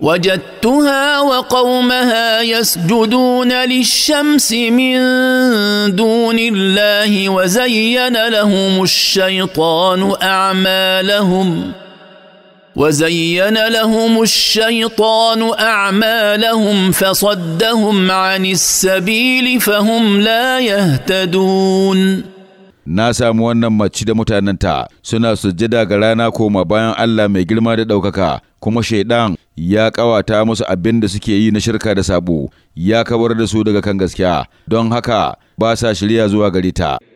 وجدتها وقومها يسجدون للشمس من دون الله وزين لهم الشيطان اعمالهم وزين لهم الشيطان اعمالهم فصدهم عن السبيل فهم لا يهتدون na samu wannan mace da mutanenta suna sujjada ga rana koma bayan Allah mai girma da ɗaukaka kuma shaidan ya ƙawata musu abin da suke yi na shirka da sabo, ya kawar da su daga kan gaskiya, don haka ba sa shirya zuwa gare ta.